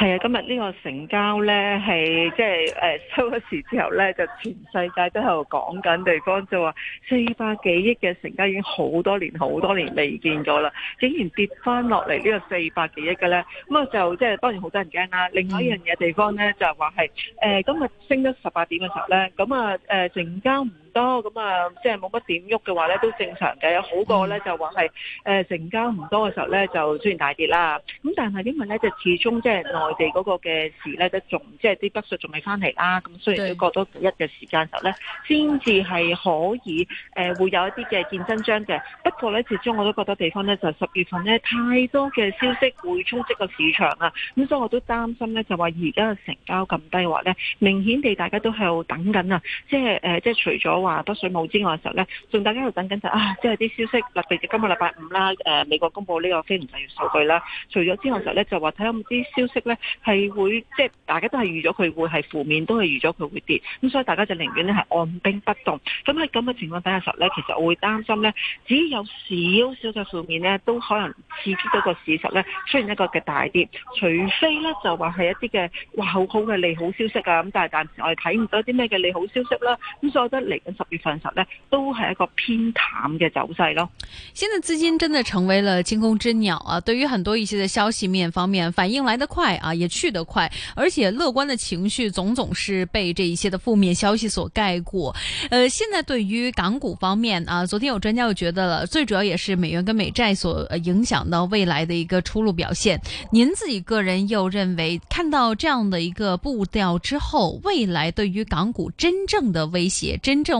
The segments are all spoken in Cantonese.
係啊，今日呢個成交呢，係即係收咗時之後呢，就全世界都喺度講緊地方，就話四百幾億嘅成交已經好多年、好多年未見咗啦，竟然跌翻落嚟呢個四百幾億嘅呢。咁啊就即係、就是、當然好多人驚啦。另外一樣嘢地方呢，就係話係今日升咗十八點嘅時候呢，咁啊成交唔多咁啊，即係冇乜點喐嘅話咧，都正常嘅，好過咧就話係誒成交唔多嘅時候咧就出現大跌啦。咁但係因為咧，就始終即係內地嗰個嘅事咧，都仲即係啲北水仲未翻嚟啦。咁雖然都過多一嘅時間時候咧，先至係可以誒、呃、會有一啲嘅見真章嘅。不過咧，始終我都覺得地方咧就十、是、月份咧太多嘅消息會充斥個市場啦。咁所以我都擔心咧，就話而家嘅成交咁低嘅話咧，明顯地大家都喺度等緊啊。即係誒，即係除咗。話多水冇之外嘅時候咧，仲大家喺度等緊就啊，即係啲消息，特別今日禮拜五啦，誒、啊、美國公佈呢個非農製造數據啦。除咗之外嘅時候咧，就話睇下有冇啲消息咧係會，即、就、係、是、大家都係預咗佢會係負面，都係預咗佢會跌。咁所以大家就寧願咧係按兵不動。咁喺咁嘅情況底下時候咧，其實我會擔心咧，只要有少少嘅負面咧，都可能刺激到個事實咧出現一個嘅大跌。除非咧就話係一啲嘅哇好好嘅利好消息啊，咁但係暫時我哋睇唔到啲咩嘅利好消息啦。咁所以我覺得嚟。十月份時候呢，都係一個偏淡嘅走勢咯。現在資金真的成為了驚弓之鳥啊！對於很多一些的消息面方面，反應來得快啊，也去得快，而且樂觀的情緒總總是被這一些的負面消息所蓋過。呃，現在對於港股方面啊，昨天有專家又覺得了，最主要也是美元跟美債所影響到未來的一個出路表現。您自己個人又認為，看到這樣的一個步調之後，未來對於港股真正的威脅，真正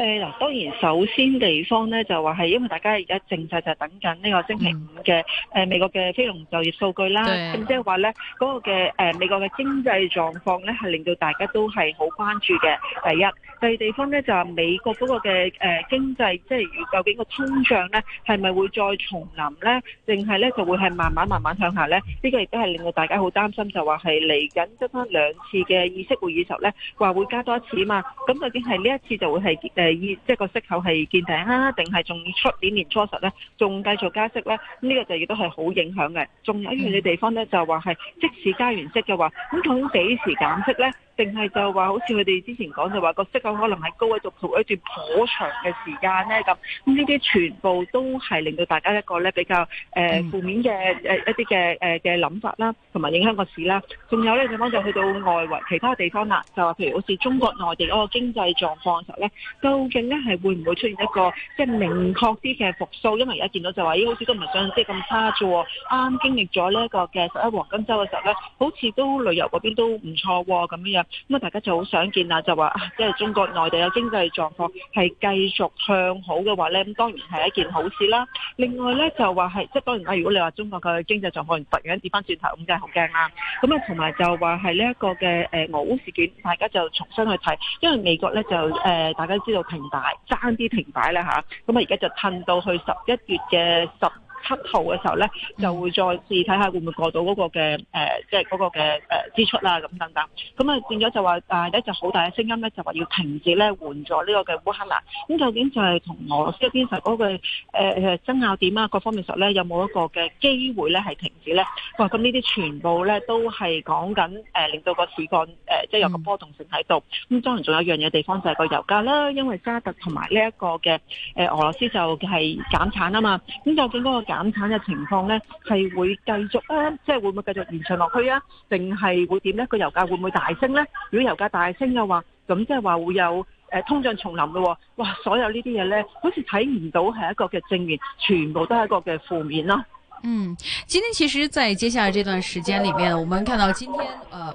誒嗱，當然首先地方咧就話係因為大家而家靜曬就等緊呢個星期五嘅誒、嗯呃、美國嘅非農就業數據啦，咁即係話咧嗰個嘅誒、呃、美國嘅經濟狀況咧係令到大家都係好關注嘅第一。第二個地方咧就係美國嗰個嘅誒經濟，即係究竟個通脹咧係咪會再重臨咧，定係咧就會係慢慢慢慢向下咧？呢、這個亦都係令到大家好擔心，就話係嚟緊得翻兩次嘅議息會議時候咧話會加多一次啊嘛。咁究竟係呢一次就會係誒？即係個息口係見頂啊？定係仲出年年初十咧，仲繼續加息咧？呢個就亦都係好影響嘅。仲有一樣嘅地方咧，就話係即使加完息嘅話，咁究竟幾時減息咧？定係就話好似佢哋之前講就話個息口可能係高喺度，同一段頗長嘅時間咧咁。咁呢啲全部都係令到大家一個咧比較誒負面、呃、嘅誒、呃、一啲嘅誒嘅諗法啦，同埋影響個市啦。仲有咧地方就去到外圍其他地方啦，就話譬如好似中國內地嗰個經濟狀況嘅時候咧都。究竟呢係會唔會出現一個即係明確啲嘅復甦？因為而家見到就話，咦，好似都唔係相即咁差啫喎。啱啱經歷咗呢一個嘅十一黃金週嘅時候呢，好似都旅遊嗰邊都唔錯喎咁樣。咁啊，大家就好想見啊，就話即係中國內地嘅經濟狀況係繼續向好嘅話呢，咁當然係一件好事啦。另外呢，就話係即係當然啦，如果你話中國嘅經濟狀況突然間跌翻轉頭，咁梗係好驚啦。咁啊，同埋就話係呢一個嘅誒、呃、俄烏事件，大家就重新去睇，因為美國呢就誒、呃、大家知道。停擺，爭啲停擺啦吓，咁啊，而家就褪到去十一月嘅十七號嘅時候咧，就會再試睇下會唔會過到嗰個嘅誒，即係嗰個嘅誒支出啦咁等等。咁啊變咗就話誒一隻好大嘅聲音咧，就話要停止咧，換咗呢個嘅烏克蘭。咁究竟就係同俄羅斯一邊實嗰、嗰個誒、呃、爭拗點啊？各方面實咧有冇一個嘅機會咧係停止咧？哇！咁呢啲全部咧都係講緊誒，令到個市況誒即係有個波動性喺度。咁當然仲有一樣嘢地方就係個油價啦，因為沙特同埋呢一個嘅誒、呃、俄羅斯就係減產啊嘛。咁究竟嗰個減減產嘅情況咧，係會繼續咧，即係會唔會繼續延長落去啊？定係會點咧？個油價會唔會大升咧？如果油價大升嘅話，咁即係話會有誒通脹重臨嘅哇，所有呢啲嘢咧，好似睇唔到係一個嘅正面，全部都係一個嘅負面咯。嗯，今天其實，在接下來這段時間裏面，我們看到今天，誒、呃。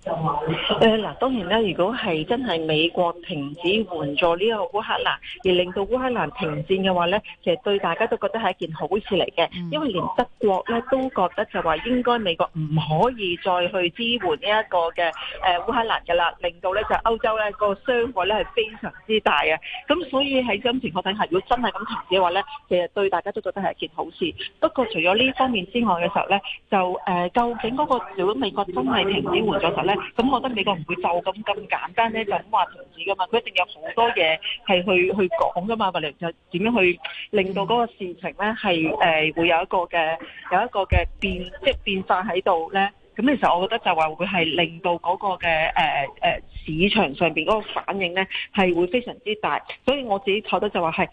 誒、呃、嗱，當然咧，如果係真係美國停止援助呢個烏克蘭，而令到烏克蘭停戰嘅話咧，其實對大家都覺得係一件好事嚟嘅，因為連德國咧都覺得就話應該美國唔可以再去支援呢一個嘅誒、呃、烏克蘭噶啦，令到咧就歐洲咧、這個傷害咧係非常之大嘅，咁所以喺當前我睇下，如果真係咁停止嘅話咧，其實對大家都覺得係一件好事。不過除咗呢方面之外嘅時候咧，就誒、呃、究竟嗰、那個如果美國真係停止援助嘅咁、嗯、我覺得美國唔會就咁咁簡單咧，就咁話停止噶嘛，佢一定有好多嘢係去去講噶嘛，或嚟就點樣去令到嗰個事情咧係、呃、會有一個嘅有一個嘅變即係變化喺度咧。咁、嗯、其實我覺得就話會係令到嗰個嘅、呃呃、市場上面嗰個反應咧係會非常之大，所以我自己覺得就話、是、係。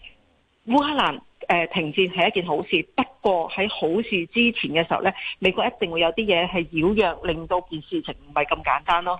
烏克蘭、呃、停戰係一件好事，不過喺好事之前嘅時候咧，美國一定會有啲嘢係擾攘，令到件事情唔係咁簡單咯。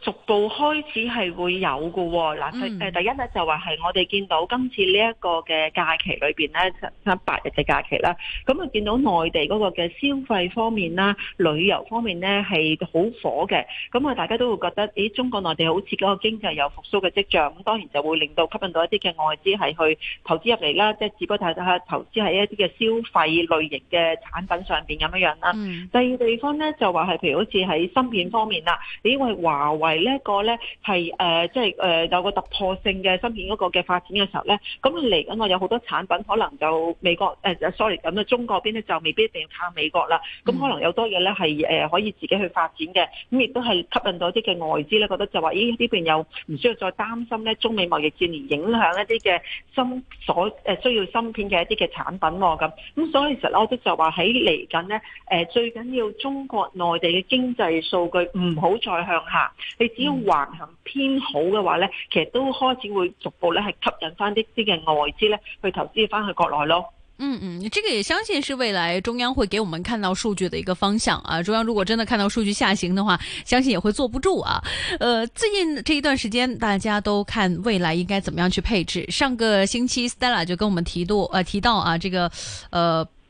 逐步開始係會有嘅，嗱，誒第一咧就話係我哋見到今次呢一個嘅假期裏面咧，七七八日嘅假期啦，咁啊見到內地嗰個嘅消費方面啦、旅遊方面咧係好火嘅，咁啊大家都會覺得，咦，中國內地好似嗰個經濟有復甦嘅跡象，咁當然就會令到吸引到一啲嘅外資係去投資入嚟啦，即係只不過大家係投資喺一啲嘅消費類型嘅產品上面咁樣樣啦、嗯。第二地方咧就話係譬如好似喺芯片方面啦，咦，因為華為。係、這個、呢一個咧，係誒，即係誒，有個突破性嘅芯片嗰個嘅發展嘅時候咧，咁嚟緊我有好多產品可能就美國誒、呃、sorry 咁啊，中國邊咧就未必一定要靠美國啦，咁可能有多嘢，咧係誒可以自己去發展嘅，咁亦都係吸引到一啲嘅外資咧，覺得就話咦呢邊有唔需要再擔心咧中美貿易戰而影響一啲嘅芯所誒、呃、需要芯片嘅一啲嘅產品㗎、啊、咁，咁所以其實咧我都就話喺嚟緊咧誒最緊要中國內地嘅經濟數據唔好再向下。你只要橫行偏好嘅話呢、嗯、其實都開始會逐步咧係吸引翻啲啲嘅外資咧去投資翻去國內咯。嗯嗯，呢、這個也相信是未來中央會給我們看到數據嘅一個方向啊！中央如果真的看到數據下行嘅話，相信也會坐不住啊！呃，最近這一段時間，大家都看未來應該點樣去配置。上個星期 Stella 就跟我們提到，呃，提到啊，這個，呃。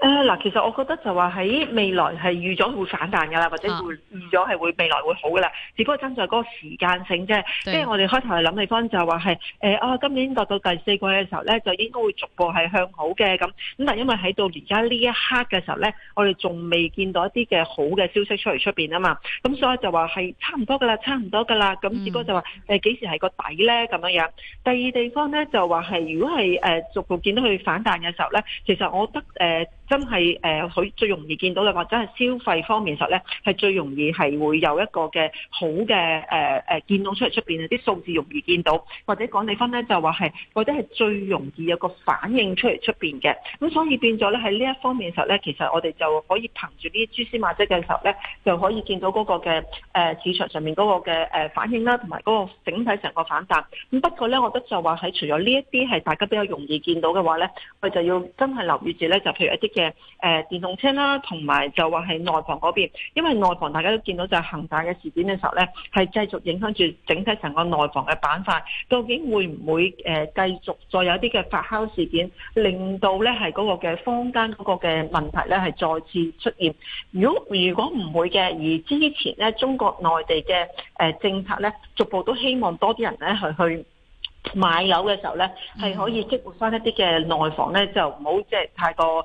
嗱、呃，其實我覺得就話喺未來係預咗會反彈噶啦，或者會預預咗係會未來會好噶啦、啊。只不過爭在嗰個時間性啫。即係我哋開頭係諗地方就是是，就話係誒，啊今年過到第四季嘅時候咧，就應該會逐步係向好嘅咁。咁但因為喺到而家呢一刻嘅時候咧，我哋仲未見到一啲嘅好嘅消息出嚟出面啊嘛。咁所以就話係差唔多噶啦，差唔多噶啦。咁只不過就話誒幾時係個底咧咁樣樣。第二地方咧就話係如果係、呃、逐步見到佢反彈嘅時候咧，其實我覺得、呃真係誒，佢最容易見到嘅，或者係消費方面實咧，係最容易係會有一個嘅好嘅誒誒見到出嚟出面啲數字容易見到，或者講你分咧就話係或者係最容易有個反應出嚟出面嘅，咁所以變咗咧喺呢一方面嘅時候咧，其實我哋就可以憑住呢啲蛛絲馬跡嘅時候咧，就可以見到嗰個嘅誒市場上面嗰個嘅反應啦，同埋嗰個整體成個反彈。咁不過咧，我覺得就話喺除咗呢一啲係大家比較容易見到嘅話咧，我哋就要真係留意住咧，就譬如一啲。嘅誒電動車啦，同埋就話係內房嗰邊，因為內房大家都見到就係恒大嘅事件嘅時候呢，係繼續影響住整體成個內房嘅板塊。究竟會唔會誒繼續再有啲嘅發酵事件，令到呢係嗰個嘅坊間嗰個嘅問題呢係再次出現？如果如果唔會嘅，而之前呢中國內地嘅誒政策呢，逐步都希望多啲人呢係去買樓嘅時候呢，係可以激活翻一啲嘅內房呢，就唔好即係太過。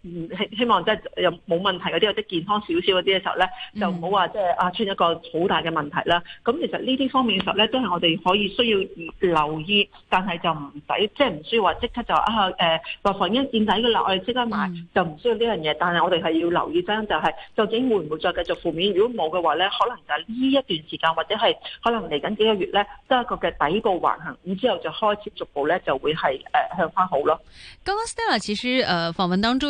希希望即係有冇問題嗰啲或者健康少少嗰啲嘅時候咧，就唔好話即係啊出現一個好大嘅問題啦。咁、嗯、其實呢啲方面嘅時候咧，都係我哋可以需要留意，但係就唔使即係唔需要話即刻就啊誒落、呃、房已經見底嘅啦，我哋即刻買就唔需要呢樣嘢。但係我哋係要留意翻就係究竟會唔會再繼續負面？如果冇嘅話咧，可能就係呢一段時間或者係可能嚟緊幾個月咧，都係一個嘅底部橫行，咁之後就開始逐步咧就會係誒、呃、向翻好咯。剛剛 Stella 其實誒訪問當中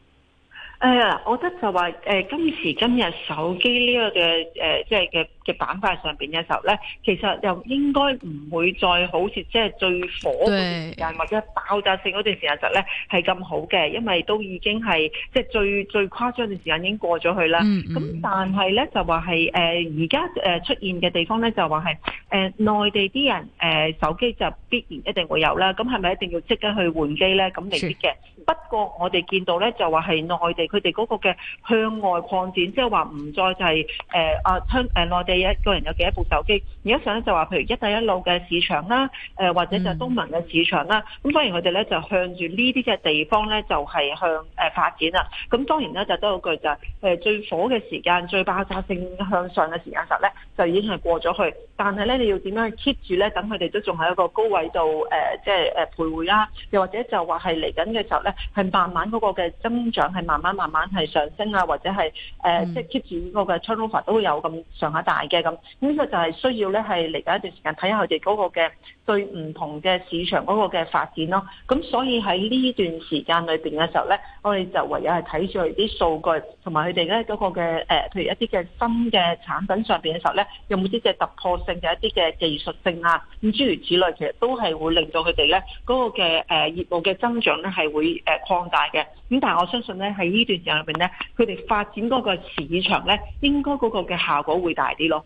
誒、uh，我覺得就話誒、呃、今時今日手機呢，這個嘅，呃，即係嘅嘅板塊上邊嘅時候咧，其實又應該唔會再好似即係最火嘅時間或者爆炸性嗰段時間就咧係咁好嘅，因為都已經係即係最最誇張嘅時間已經過咗去啦。咁，嗯嗯、但係咧就話係誒而家誒出現嘅地方咧就話係誒內地啲人誒，呃，手機就必然一定會有啦。咁係咪一定要即刻去換機咧？咁未必嘅。不過我哋見到咧就話係內地。佢哋嗰個嘅向外擴展，即係話唔再就係誒啊，香、呃、誒內地一個人有幾多部手機？而家上咧就話，譬如一帶一路嘅市場啦，或者就係東盟嘅市場啦，咁、嗯、當然佢哋咧就向住呢啲嘅地方咧就係向誒發展啦。咁當然咧就有句就係、是、最火嘅時間、最爆炸性向上嘅時間實咧，就已經係過咗去。但係咧你要點樣去 keep 住咧？等佢哋都仲喺一個高位度誒，即係誒徘徊啦，又或者就話係嚟緊嘅時候咧，係慢慢嗰個嘅增長係慢慢慢慢係上升啊，或者係誒、呃嗯、即係 keep 住嗰個嘅 turnover 都有咁上下大嘅咁。呢個就係需要。咧係嚟緊一段時間睇下佢哋嗰個嘅對唔同嘅市場嗰個嘅發展咯，咁所以喺呢段時間裏邊嘅時候咧，我哋就唯有係睇住佢啲數據，同埋佢哋咧嗰個嘅誒，譬如一啲嘅新嘅產品上邊嘅時候咧，有冇啲嘅突破性嘅一啲嘅技術性啊，咁諸如此類，其實都係會令到佢哋咧嗰個嘅誒業務嘅增長咧係會誒擴大嘅，咁但係我相信咧喺呢段時間裏邊咧，佢哋發展嗰個市場咧，應該嗰個嘅效果會大啲咯。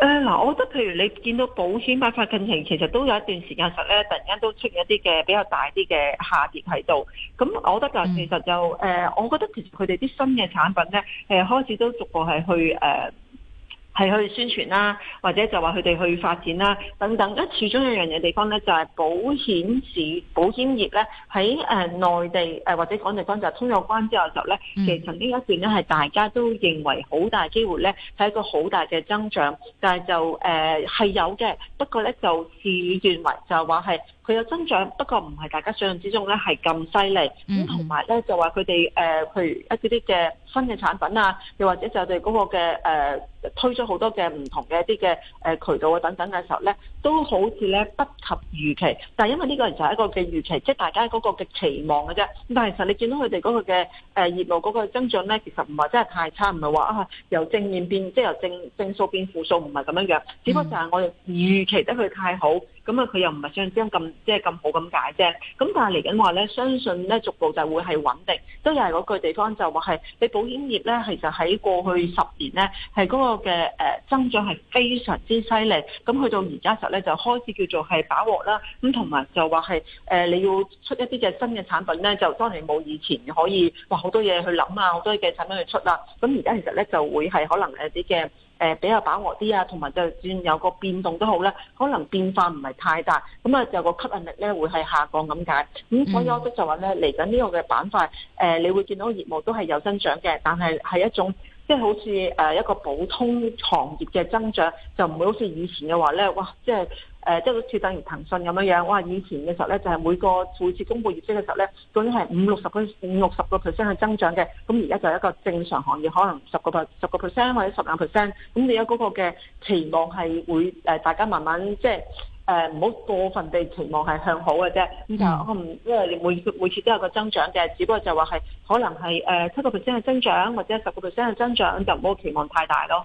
誒、呃、嗱，我覺得譬如你見到保險買法近程，其實都有一段時間實咧，突然間都出現一啲嘅比較大啲嘅下跌喺度。咁我覺得其實就誒、是嗯呃，我覺得其實佢哋啲新嘅產品咧、呃，開始都逐步係去誒。呃係去宣傳啦、啊，或者就話佢哋去發展啦、啊、等等。一始終有一樣嘅地方咧，就係、是、保險市、保險業咧喺誒內地、呃、或者港地方就通咗關之後嘅時候咧，其實呢一段咧係大家都認為好大機會咧係一個好大嘅增長。但係就誒係、呃、有嘅，不過咧就事與願違就係話係佢有增長，不過唔係大家想像之中咧係咁犀利。咁同埋咧就話佢哋誒譬如一啲啲嘅新嘅產品啊，又或者就哋嗰個嘅誒。呃推出好多嘅唔同嘅一啲嘅誒渠道啊等等嘅時候咧，都好似咧不及預期，但係因為呢個就係一個嘅預期，即係大家嗰個嘅期望嘅啫。咁但係其實你見到佢哋嗰個嘅誒業務嗰個增長咧，其實唔係真係太差，唔係話啊由正面變，即係由正正數變負數，唔係咁樣樣，只不過就係我哋預期得佢太好。咁啊，佢又唔係想像咁即係咁好咁解啫。咁但係嚟緊話咧，相信咧逐步就會係穩定。都又係嗰句地方就話係，你保險業咧其實喺過去十年咧，係嗰個嘅誒增長係非常之犀利。咁去到而家時候咧，就開始叫做係把握啦。咁同埋就話係誒，你要出一啲嘅新嘅產品咧，就當然冇以前可以話好多嘢去諗啊，好多嘅產品去出啦。咁而家其實咧就會係可能有啲嘅。誒、呃、比較飽和啲啊，同埋就算有個變動都好啦。可能變化唔係太大，咁啊就個吸引力咧會係下降咁解。咁所以我覺得就話咧，嚟緊呢個嘅板塊，呃，你會見到業務都係有增長嘅，但係係一種即係、就是、好似誒一個普通行業嘅增長，就唔會好似以前嘅話咧，哇即係、就是誒、呃，即係好似等如騰訊咁樣樣，哇！以前嘅時候咧，就係、是、每個每次公布業績嘅時候咧，究竟係五六十個、五六十個 percent 去增長嘅。咁而家就一個正常行業，可能十個 percent、十個 percent 或者十零 percent。咁你有嗰個嘅期望係會誒、呃，大家慢慢即係誒，唔、呃、好過分地期望係向好嘅啫。咁就可能因為每每次都有個增長嘅，只不過就話、是、係可能係誒七個 percent 嘅增長，或者十個 percent 嘅增長，就唔好期望太大咯。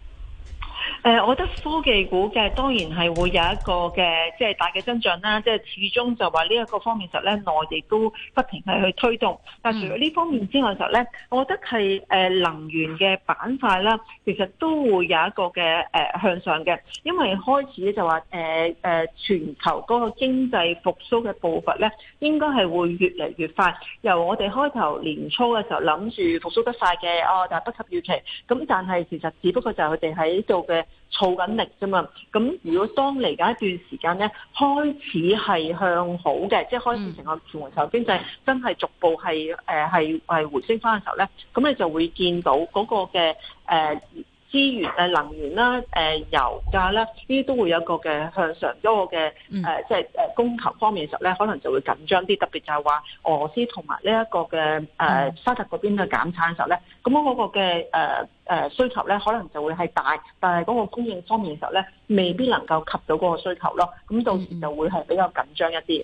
誒、呃，我覺得科技股嘅當然係會有一個嘅，即係大嘅增長啦。即、就、係、是、始終就話呢一個方面實咧，內地都不停係去推動。但除咗呢方面之外，實咧，我覺得係能源嘅板塊啦，其實都會有一個嘅向上嘅，因為開始就話誒誒全球嗰個經濟復甦嘅步伐咧。應該係會越嚟越快。由我哋開頭年初嘅時候諗住復甦得快嘅，哦，但係不及預期。咁但係其實只不過就係佢哋喺度嘅儲緊力啫嘛。咁如果當嚟緊一段時間咧，開始係向好嘅，即係開始成個全球經濟真係逐步係誒係係回升翻嘅時候咧，咁你就會見到嗰個嘅誒。資源誒能源啦，誒油價咧，呢啲都會有一個嘅向上，嗰個嘅誒即係誒供求方面嘅時候咧，可能就會緊張啲。特別就係話俄羅斯同埋呢一個嘅誒、呃、沙特嗰邊嘅減產嘅時候咧，咁樣嗰個嘅誒誒需求咧，可能就會係大，但係嗰個供應方面嘅時候咧，未必能夠及到嗰個需求咯。咁到時就會係比較緊張一啲。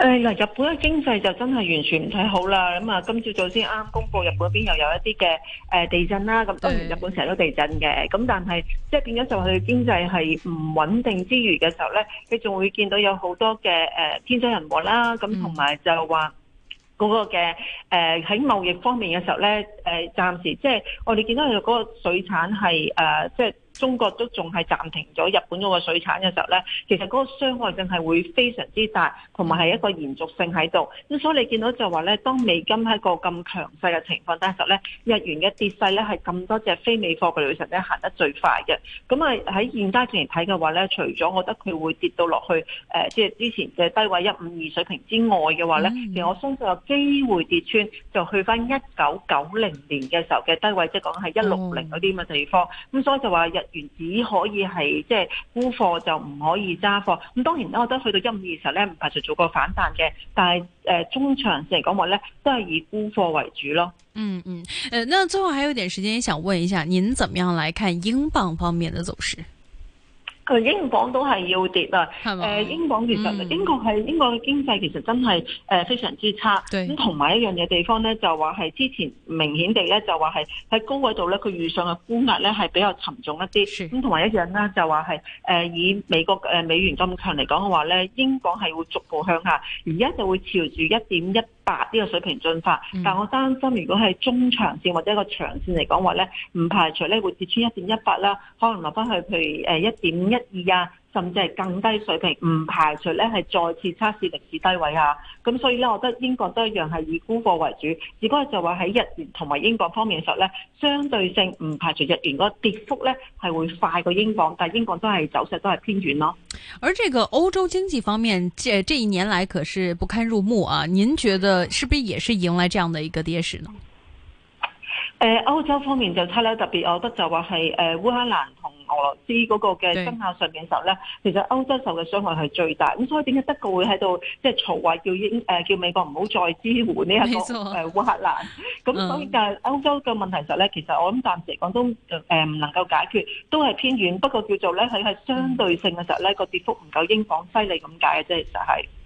誒嗱，日本嘅經濟就真係完全唔睇好啦。咁啊，今朝早先啱公布日本嗰邊又有一啲嘅誒地震啦。咁當然日本成日都地震嘅，咁但係即係變咗就佢經濟係唔穩定之餘嘅時候咧，你仲會見到有好多嘅誒、呃、天災人禍啦。咁同埋就話嗰個嘅誒喺貿易方面嘅時候咧，誒、呃、暫時即係我哋見到佢嗰個水產係誒、呃、即係。中國都仲係暫停咗日本嗰個水產嘅時候咧，其實嗰個傷害性係會非常之大，同埋係一個延續性喺度。咁所以你見到就話咧，當美金喺個咁強勢嘅情況底下咧，日元嘅跌勢咧係咁多隻非美貨幣裏頭咧行得最快嘅。咁啊喺現階段嚟睇嘅話咧，除咗我覺得佢會跌到落去誒，即、呃、係之前嘅低位一五二水平之外嘅話咧，mm. 其實我相信有機會跌穿就去翻一九九零年嘅時候嘅低位，即係講係一六零嗰啲咁嘅地方。咁、mm. 所以就話日原只可以係即係沽貨，就唔可以揸貨。咁當然咧，我覺得去到一五二時候咧，唔排除做過反彈嘅。但係誒中長線嚟講話咧，都係以沽貨為主咯。嗯嗯，誒，那最後還有一點時間，想問一下您，怎麼樣來看英鎊方面的走勢？英鎊都係要跌啊，係英鎊其實，英國係英國嘅經濟其實真係非常之差。咁同埋一樣嘢地方咧，就話係之前明顯地咧，就話係喺高位度咧，佢遇上嘅沽壓咧係比較沉重一啲。咁同埋一樣啦，就話係以美國美元咁強嚟講嘅話咧，英鎊係會逐步向下，而家就會朝住一點一。八、這、呢個水平進發，但我擔心，如果係中長線或者一個長線嚟講話咧，唔排除咧會跌穿一點一八啦，可能落翻去譬如誒一點一二啊。甚至係更低水平，唔排除咧係再次測試歷史低位啊！咁所以咧，我覺得英國都一樣係以沽貨為主，只不過就話喺日元同埋英鎊方面嘅時候咧，相對性唔排除日元嗰個跌幅咧係會快過英鎊，但係英鎊都係走勢都係偏軟咯。而這個歐洲經濟方面，這這一年來可是不堪入目啊！您覺得是不是也是迎來這樣的一個跌勢呢？誒歐洲方面就差啦，特別我覺得就話係誒烏克蘭同俄羅斯嗰個嘅爭拗上面嘅時候咧，其實歐洲受嘅傷害係最大。咁所以點解德國會喺度即係吵話叫英誒叫美國唔好再支援呢一個誒烏克蘭？咁所以就係歐洲嘅問題實咧，其實我諗暫時嚟講都誒唔能夠解決，都係偏遠。不過叫做咧，佢係相對性嘅時候咧，個跌幅唔夠英鎊犀利咁解嘅啫，就係。